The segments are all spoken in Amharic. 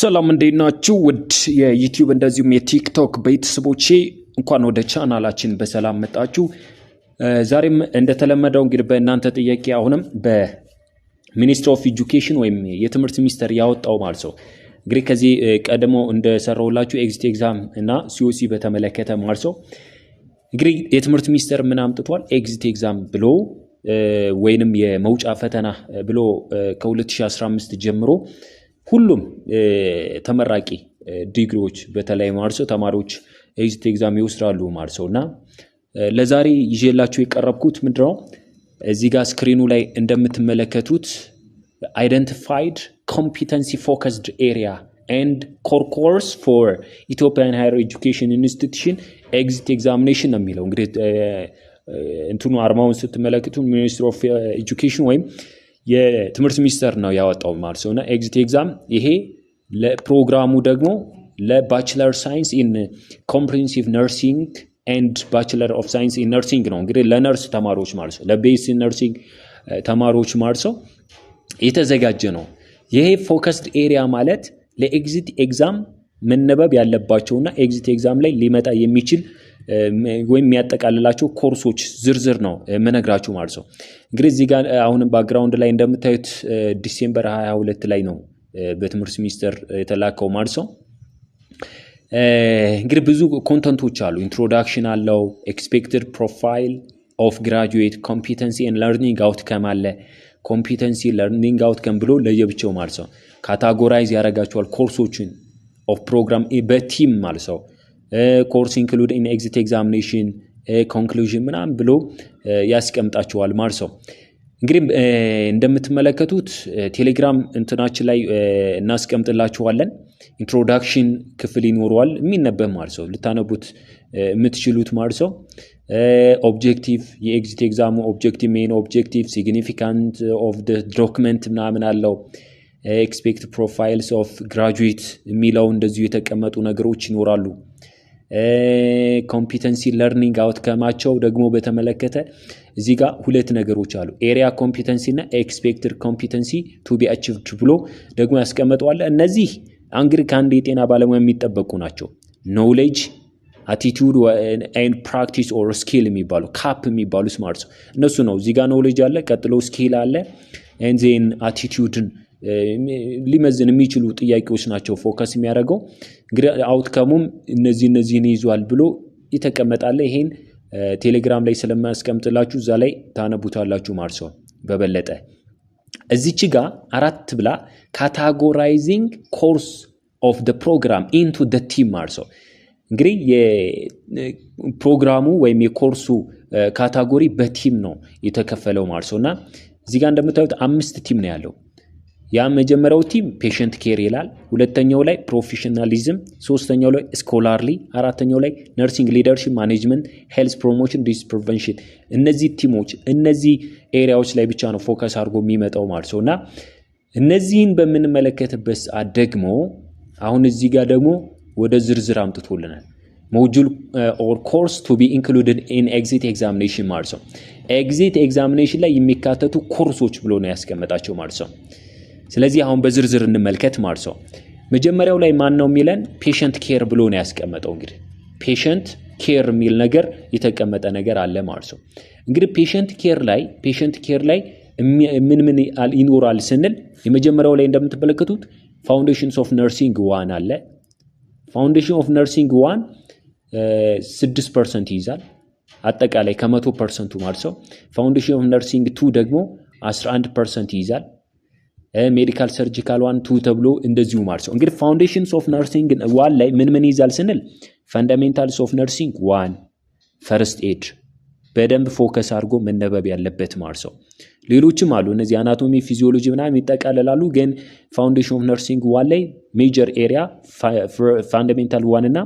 ሰላም እንዴት ናችሁ? ውድ የዩቲዩብ እንደዚሁም የቲክቶክ ቤተሰቦቼ እንኳን ወደ ቻናላችን በሰላም መጣችሁ። ዛሬም እንደተለመደው እንግዲህ በእናንተ ጥያቄ አሁንም በሚኒስትር ኦፍ ኤጁኬሽን ወይም የትምህርት ሚኒስቴር ያወጣው ማለት ነው እንግዲህ ከዚህ ቀድሞ እንደሰራውላችሁ ኤግዚት ኤግዛም እና ሲኦሲ በተመለከተ ማለት ነው እንግዲህ የትምህርት ሚኒስቴር ምን አምጥቷል? ኤግዚት ኤግዛም ብሎ ወይንም የመውጫ ፈተና ብሎ ከ2015 ጀምሮ ሁሉም ተመራቂ ዲግሪዎች በተለይ ማርሰው ተማሪዎች ኤግዚት ኤግዛም ይወስዳሉ ማርሰው እና ለዛሬ ይዤላችሁ የቀረብኩት ምንድነው እዚህ ጋር ስክሪኑ ላይ እንደምትመለከቱት አይደንቲፋይድ ኮምፒተንሲ ፎከስድ ኤሪያ ኤንድ ኮርኮርስ ፎር ኢትዮጵያን ሃየር ኤጁኬሽን ኢንስቲትሽን ኤግዚት ኤግዛሚኔሽን ነው የሚለው እንግዲህ እንትኑ አርማውን ስትመለከቱ ሚኒስትሪ ኦፍ ኤጁኬሽን ወይም የትምህርት ሚኒስቴር ነው ያወጣው ማለት ሲሆነ ኤግዚት ኤግዛም ይሄ ለፕሮግራሙ ደግሞ ለባችለር ሳይንስ ኢን ኮምፕሬንሲቭ ነርሲንግ ኤንድ ባችለር ኦፍ ሳይንስ ኢን ነርሲንግ ነው እንግዲህ ለነርስ ተማሪዎች ማለት ነው ለቤስ ነርሲንግ ተማሪዎች ማለት ነው የተዘጋጀ ነው። ይሄ ፎከስድ ኤሪያ ማለት ለኤግዚት ኤግዛም መነበብ ያለባቸውና ኤግዚት ኤግዛም ላይ ሊመጣ የሚችል ወይም የሚያጠቃልላቸው ኮርሶች ዝርዝር ነው የምነግራችሁ ማለት ነው። እንግዲህ እዚህ ጋር አሁንም ባክግራውንድ ላይ እንደምታዩት ዲሴምበር 22 ላይ ነው በትምህርት ሚኒስቴር የተላከው ማለት ነው። እንግዲህ ብዙ ኮንተንቶች አሉ። ኢንትሮዳክሽን አለው። ኤክስፔክትድ ፕሮፋይል ኦፍ ግራጁዌት ኮምፒተንሲ ኤንድ ለርኒንግ አውትከም አለ። ኮምፒተንሲ ለርኒንግ አውትከም ብሎ ለየብቸው ማለት ነው። ካታጎራይዝ ያደርጋቸዋል ኮርሶችን ኦፍ ፕሮግራም በቲም ማለት ነው። ኮርስ ኢንክሉድ ኢን ኤግዚት ኤግዛሚኔሽን ኮንክሉዥን ምናምን ብሎ ያስቀምጣቸዋል ማለት ነው። እንግዲህ እንደምትመለከቱት ቴሌግራም እንትናችን ላይ እናስቀምጥላችኋለን። ኢንትሮዳክሽን ክፍል ይኖረዋል የሚነበብ ማለት ሰው ልታነቡት የምትችሉት ማለት ሰው ኦብጀክቲቭ የኤግዚት ኤግዛሙ ኦብጀክቲቭ ሜን ኦብጀክቲቭ ሲግኒፊካንት ኦፍ ዶክመንት ምናምን አለው። ኤክስፔክት ፕሮፋይልስ ኦፍ ግራጁዌት የሚለው እንደዚሁ የተቀመጡ ነገሮች ይኖራሉ። ኮምፒተንሲ ለርኒንግ አውትከማቸው ደግሞ በተመለከተ እዚህ ጋ ሁለት ነገሮች አሉ። ኤሪያ ኮምፒተንሲ እና ኤክስፔክትድ ኮምፒተንሲ ቱ ቢ አቺቭድ ብሎ ደግሞ ያስቀመጠዋለ። እነዚህ እንግዲህ ከአንድ የጤና ባለሙያ የሚጠበቁ ናቸው። ኖውሌጅ አቲቱድ ኤንድ ፕራክቲስ ኦር ስኪል የሚባሉ ካፕ የሚባሉ ስማርት እነሱ ነው። እዚህ ጋር ኖውሌጅ አለ፣ ቀጥሎ ስኪል አለ፣ ኤንዜን አቲቱድን ሊመዝን የሚችሉ ጥያቄዎች ናቸው ፎከስ የሚያደርገው። እንግዲህ አውትከሙም እነዚህ እነዚህን ይዟል ብሎ ይተቀመጣለ። ይሄን ቴሌግራም ላይ ስለማያስቀምጥላችሁ እዛ ላይ ታነቡታላችሁ ማለት በበለጠ እዚች ጋ አራት ብላ ካታጎራይዚንግ ኮርስ ኦፍ ደ ፕሮግራም ኢንቱ ደ ቲም ማለት እንግዲህ የፕሮግራሙ ወይም የኮርሱ ካታጎሪ በቲም ነው የተከፈለው ማለት እና እዚጋ እንደምታዩት አምስት ቲም ነው ያለው። ያ መጀመሪያው ቲም ፔሸንት ኬር ይላል። ሁለተኛው ላይ ፕሮፌሽናሊዝም፣ ሶስተኛው ላይ ስኮላርሊ፣ አራተኛው ላይ ነርሲንግ፣ ሊደርሽፕ፣ ማኔጅመንት፣ ሄልስ ፕሮሞሽን፣ ዲስ ፕሪቨንሽን። እነዚህ ቲሞች እነዚህ ኤሪያዎች ላይ ብቻ ነው ፎከስ አድርጎ የሚመጣው ማለት ሰው እና እነዚህን በምንመለከትበት ሰዓት ደግሞ አሁን እዚህ ጋር ደግሞ ወደ ዝርዝር አምጥቶልናል። ሞጁል ኦር ኮርስ ቱ ቢ ኢንክሉድድ ኢን ኤግዚት ኤግዛሚኔሽን ማለት ነው። ኤግዚት ኤግዛሚኔሽን ላይ የሚካተቱ ኮርሶች ብሎ ነው ያስቀመጣቸው ማለት ነው። ስለዚህ አሁን በዝርዝር እንመልከት ማለት መጀመሪያው ላይ ማን ነው የሚለን? ፔሸንት ኬር ብሎ ነው ያስቀመጠው። እንግዲህ ፔሸንት ኬር የሚል ነገር የተቀመጠ ነገር አለ ማርሶ እንግዲህ ፔሽንት ኬር ላይ ፔሽንት ኬር ላይ ምን ምን ይኖራል ስንል የመጀመሪያው ላይ እንደምትመለከቱት ፋውንዴሽንስ ኦፍ ነርሲንግ ዋን አለ። ፋውንዴሽን ኦፍ ነርሲንግ ዋን ስድስት ፐርሰንት ይይዛል አጠቃላይ ከመቶ ፐርሰንቱ ማርሰው ፋውንዴሽን ኦፍ ነርሲንግ ቱ ደግሞ 11 ፐርሰንት ይይዛል። ሜዲካል ሰርጂካል ዋን ቱ ተብሎ እንደዚሁ ማለት ነው። እንግዲህ ፋውንዴሽንስ ኦፍ ነርሲንግ ዋን ላይ ምን ምን ይዛል ስንል ፈንዳሜንታልስ ኦፍ ነርሲንግ ዋን ፈርስት ኤድ በደንብ ፎከስ አድርጎ መነበብ ያለበት ማለት ነው። ሌሎችም አሉ እነዚህ አናቶሚ፣ ፊዚዮሎጂ ምናምን ይጠቃለላሉ። ግን ፋውንዴሽን ኦፍ ነርሲንግ ዋን ላይ ሜጀር ኤሪያ ፋንዳሜንታል ዋን እና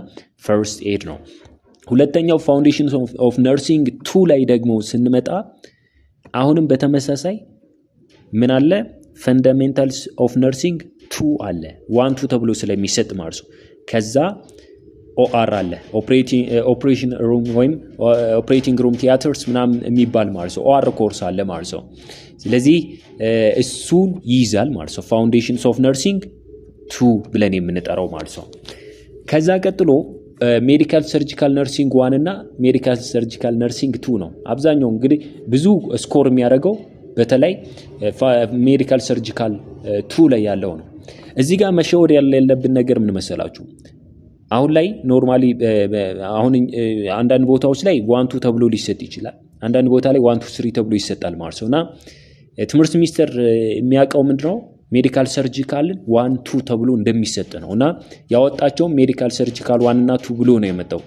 ፈርስት ኤድ ነው። ሁለተኛው ፋውንዴሽን ኦፍ ነርሲንግ ቱ ላይ ደግሞ ስንመጣ አሁንም በተመሳሳይ ምን አለ ፈንዳሜንታልስ ኦፍ ነርሲንግ ቱ አለ ዋን ቱ ተብሎ ስለሚሰጥ ማርሱ ከዛ ኦአር አለ ኦፕሬሽን ሩም uh, ወይም ኦፕሬቲንግ ሩም ቲያትርስ ምናምን የሚባል ማርሶ ኦአር ኮርስ አለ ማርሶ ስለዚህ uh, እሱን ይይዛል ማርሶ ፋውንዴሽንስ ኦፍ ነርሲንግ ቱ ብለን የምንጠራው ማርሶ ከዛ ቀጥሎ ሜዲካል ሰርጂካል ነርሲንግ ዋን እና ሜዲካል ሰርጂካል ነርሲንግ ቱ ነው። አብዛኛው እንግዲህ ብዙ ስኮር የሚያደርገው በተለይ ሜዲካል ሰርጂካል ቱ ላይ ያለው ነው። እዚህ ጋር መሸወድ ያለብን ነገር ምን መሰላችሁ? አሁን ላይ ኖርማሊ አሁን አንዳንድ ቦታዎች ላይ ዋንቱ ተብሎ ሊሰጥ ይችላል። አንዳንድ ቦታ ላይ ዋንቱ ስሪ ተብሎ ይሰጣል ማለት ነው እና ትምህርት ሚኒስቴር የሚያውቀው ምንድነው ሜዲካል ሰርጂካልን ዋን ቱ ተብሎ እንደሚሰጥ ነው እና ያወጣቸውም ሜዲካል ሰርጂካል ዋንና ቱ ብሎ ነው የመጣው።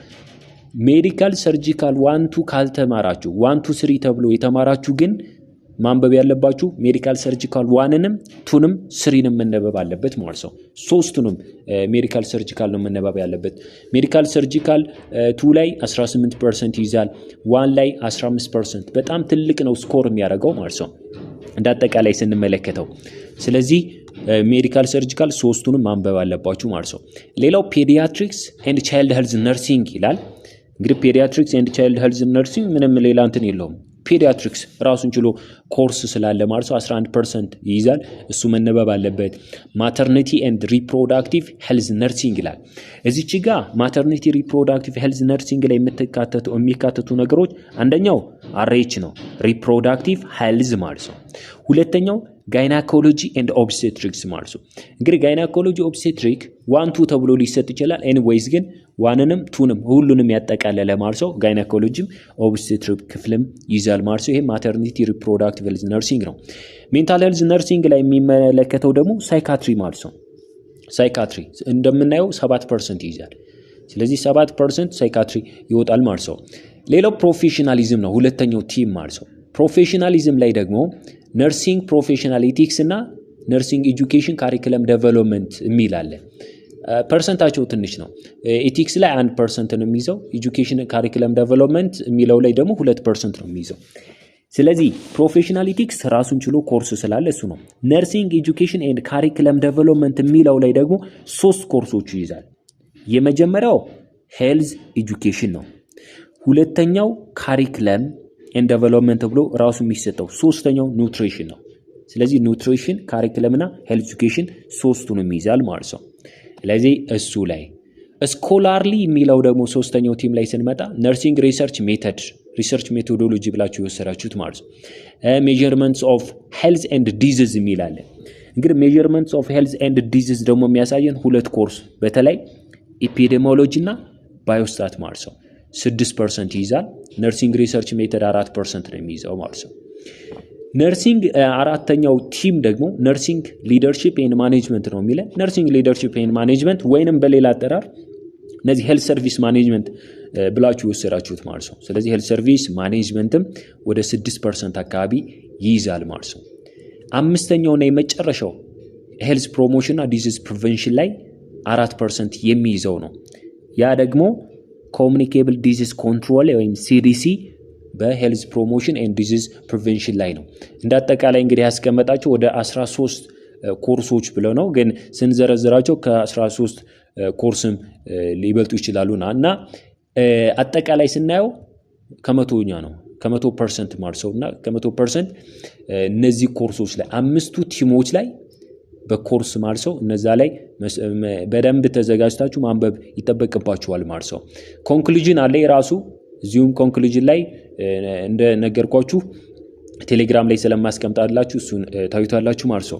ሜዲካል ሰርጂካል ዋንቱ ካልተማራችሁ ዋንቱ ስሪ ተብሎ የተማራችሁ ግን ማንበብ ያለባችሁ ሜዲካል ሰርጂካል ዋንንም ቱንም ስሪንም መነበብ አለበት ማለት ነው። ሶስቱንም ሜዲካል ሰርጂካል ነው መነበብ ያለበት። ሜዲካል ሰርጂካል ቱ ላይ 18 ፐርሰንት ይይዛል፣ ዋን ላይ 15 ፐርሰንት በጣም ትልቅ ነው ስኮር የሚያደርገው ማለት ነው እንደ አጠቃላይ ስንመለከተው። ስለዚህ ሜዲካል ሰርጂካል ሶስቱንም ማንበብ አለባችሁ ማለት ነው። ሌላው ፔዲያትሪክስ ኤንድ ቻይልድ ሄልዝ ነርሲንግ ይላል። እንግዲህ ፔዲያትሪክስ ኤንድ ቻይልድ ሄልዝ ነርሲንግ ምንም ሌላ እንትን የለውም ፔዲያትሪክስ ራሱን ችሎ ኮርስ ስላለ ማለት ሰው 11 ፐርሰንት ይይዛል። እሱ መነበብ አለበት። ማተርኒቲ ኤንድ ሪፕሮዳክቲቭ ሄልዝ ነርሲንግ ይላል። እዚች ጋ ማተርኒቲ ሪፕሮዳክቲቭ ሄልዝ ነርሲንግ ላይ የምትካተቱ የሚካተቱ ነገሮች አንደኛው አሬች ነው፣ ሪፕሮዳክቲቭ ሄልዝ ማለት ነው። ሁለተኛው ጋይናኮሎጂ ኤንድ ኦብስቴትሪክስ ማለት ነው። እንግዲህ ጋይናኮሎጂ ኦብስቴትሪክ ዋን ቱ ተብሎ ሊሰጥ ይችላል። ኤኒዌይዝ ግን ዋንንም ቱንም ሁሉንም ያጠቃለለ ማለት ነው። ጋይናኮሎጂም ኦብስቴትሪክ ክፍልም ይዛል ማለት ነው። ይሄ ማተርኒቲ ሪፕሮዳክቲቭ ሄልዝ ነርሲንግ ነው። ሜንታል ሄልዝ ነርሲንግ ላይ የሚመለከተው ደግሞ ሳይካትሪ ማለት ነው። ሳይካትሪ እንደምናየው ሰባት ፐርሰንት ይይዛል። ስለዚህ ሰባት ፐርሰንት ሳይካትሪ ይወጣል ማለት ነው። ሌላው ፕሮፌሽናሊዝም ነው። ሁለተኛው ቲም ማለት ነው። ፕሮፌሽናሊዝም ላይ ደግሞ ነርሲንግ ፕሮፌሽናል ኢቲክስ እና ነርሲንግ ኤጁኬሽን ካሪክለም ዴቨሎፕመንት የሚል አለ። ፐርሰንታቸው ትንሽ ነው። ኢቲክስ ላይ አንድ ፐርሰንት ነው የሚይዘው። ኤጁኬሽን ካሪክለም ዴቨሎፕመንት የሚለው ላይ ደግሞ ሁለት ፐርሰንት ነው የሚይዘው። ስለዚህ ፕሮፌሽናል ኢቲክስ ራሱን ችሎ ኮርስ ስላለ እሱ ነው። ነርሲንግ ኤጁኬሽን ኤንድ ካሪክለም ዴቨሎፕመንት የሚለው ላይ ደግሞ ሶስት ኮርሶቹ ይይዛል። የመጀመሪያው ሄልዝ ኤጁኬሽን ነው። ሁለተኛው ካሪክለም ኤንድ ዴቨሎፕመንት ብሎ ራሱ የሚሰጠው ሶስተኛው ኑትሪሽን ነው። ስለዚህ ኑትሪሽን ካሪክለምና ሄልዝ ሶስቱ ሶስቱንም ይይዛል ማለት ነው። ስለዚህ እሱ ላይ ስኮላርሊ የሚለው ደግሞ ሶስተኛው ቲም ላይ ስንመጣ ነርሲንግ ሪሰርች ሜተድ ሪሰርች ሜቶዶሎጂ ብላችሁ የወሰዳችሁት ማለት ነው። ሜጀርመንትስ ኦፍ ሄልዝ ኤንድ ዲዝዝ የሚላለ እንግዲህ ሜጀርመንትስ ኦፍ ሄልዝ ኤንድ ዲዝዝ ደግሞ የሚያሳየን ሁለት ኮርስ በተለይ ኢፒዴሞሎጂ እና ባዮስታት ማለት ነው። ስድስት ፐርሰንት ይይዛል። ነርሲንግ ሪሰርች ሜተድ አራት ፐርሰንት ነው የሚይዘው ማለት ነው። ነርሲንግ አራተኛው ቲም ደግሞ ነርሲንግ ሊደርሺፕ ኤንድ ማኔጅመንት ነው የሚለን። ነርሲንግ ሊደርሺፕ ኤንድ ማኔጅመንት ወይንም በሌላ አጠራር እነዚህ ሄልት ሰርቪስ ማኔጅመንት ብላችሁ የወሰዳችሁት ማለት ነው። ስለዚህ ሄልት ሰርቪስ ማኔጅመንትም ወደ ስድስት ፐርሰንት አካባቢ ይይዛል ማለት ነው። አምስተኛውና የመጨረሻው ሄልዝ ፕሮሞሽንና ዲዚዝ ፕሪቨንሽን ላይ አራት ፐርሰንት የሚይዘው ነው። ያ ደግሞ ኮሚኒኬብል ዲዚዝ ኮንትሮል ወይም ሲዲሲ በሄልዝ ፕሮሞሽን ኤንድ ዲዚዝ ፕሪቨንሽን ላይ ነው። እንደ አጠቃላይ እንግዲህ ያስቀመጣቸው ወደ 13 ኮርሶች ብለው ነው፣ ግን ስንዘረዝራቸው ከ13 ኮርስም ሊበልጡ ይችላሉ ና እና አጠቃላይ ስናየው ከመቶኛ ነው ከመቶ ፐርሰንት ማርሰው እና ከመቶ ፐርሰንት እነዚህ ኮርሶች ላይ አምስቱ ቲሞች ላይ በኮርስ ማርሰው እነዛ ላይ በደንብ ተዘጋጅታችሁ ማንበብ ይጠበቅባችኋል። ማርሰው ኮንክሉዥን አለ የራሱ እዚሁም ኮንክሉዥን ላይ እንደነገርኳችሁ ቴሌግራም ላይ ስለማስቀምጣላችሁ እሱን ታዩታላችሁ። ማርሰው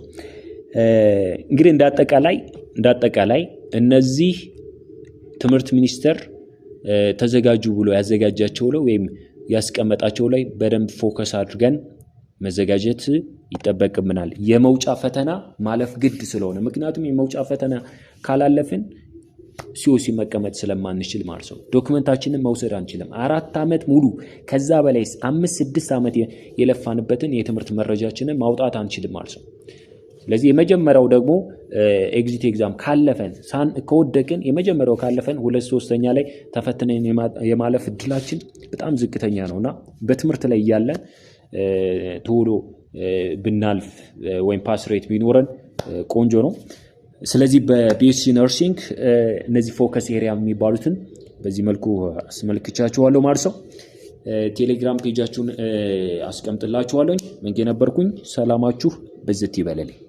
እንግዲህ እንዳጠቃላይ እንዳጠቃላይ እነዚህ ትምህርት ሚኒስቴር ተዘጋጁ ብሎ ያዘጋጃቸው ላይ ወይም ያስቀመጣቸው ላይ በደንብ ፎከስ አድርገን መዘጋጀት ይጠበቅብናል። የመውጫ ፈተና ማለፍ ግድ ስለሆነ ምክንያቱም የመውጫ ፈተና ካላለፍን ሲኦሲ መቀመጥ ስለማንችል ማለት ነው። ዶክመንታችንን መውሰድ አንችልም። አራት ዓመት ሙሉ ከዛ በላይ አምስት ስድስት ዓመት የለፋንበትን የትምህርት መረጃችንን ማውጣት አንችልም ማለት ነው። ስለዚህ የመጀመሪያው ደግሞ ኤግዚት ኤግዛም ካለፈን ከወደቅን የመጀመሪያው ካለፈን ሁለት ሶስተኛ ላይ ተፈትነን የማለፍ እድላችን በጣም ዝቅተኛ ነው እና በትምህርት ላይ እያለን ቶሎ ብናልፍ ወይም ፓስ ሬት ቢኖረን ቆንጆ ነው። ስለዚህ በቢኤስሲ ነርሲንግ እነዚህ ፎከስ ኤሪያ የሚባሉትን በዚህ መልኩ አስመልክቻችኋለሁ ማለት ነው። ቴሌግራም ፔጃችሁን አስቀምጥላችኋለኝ። መንጌ ነበርኩኝ። ሰላማችሁ በዘት ይበለልኝ።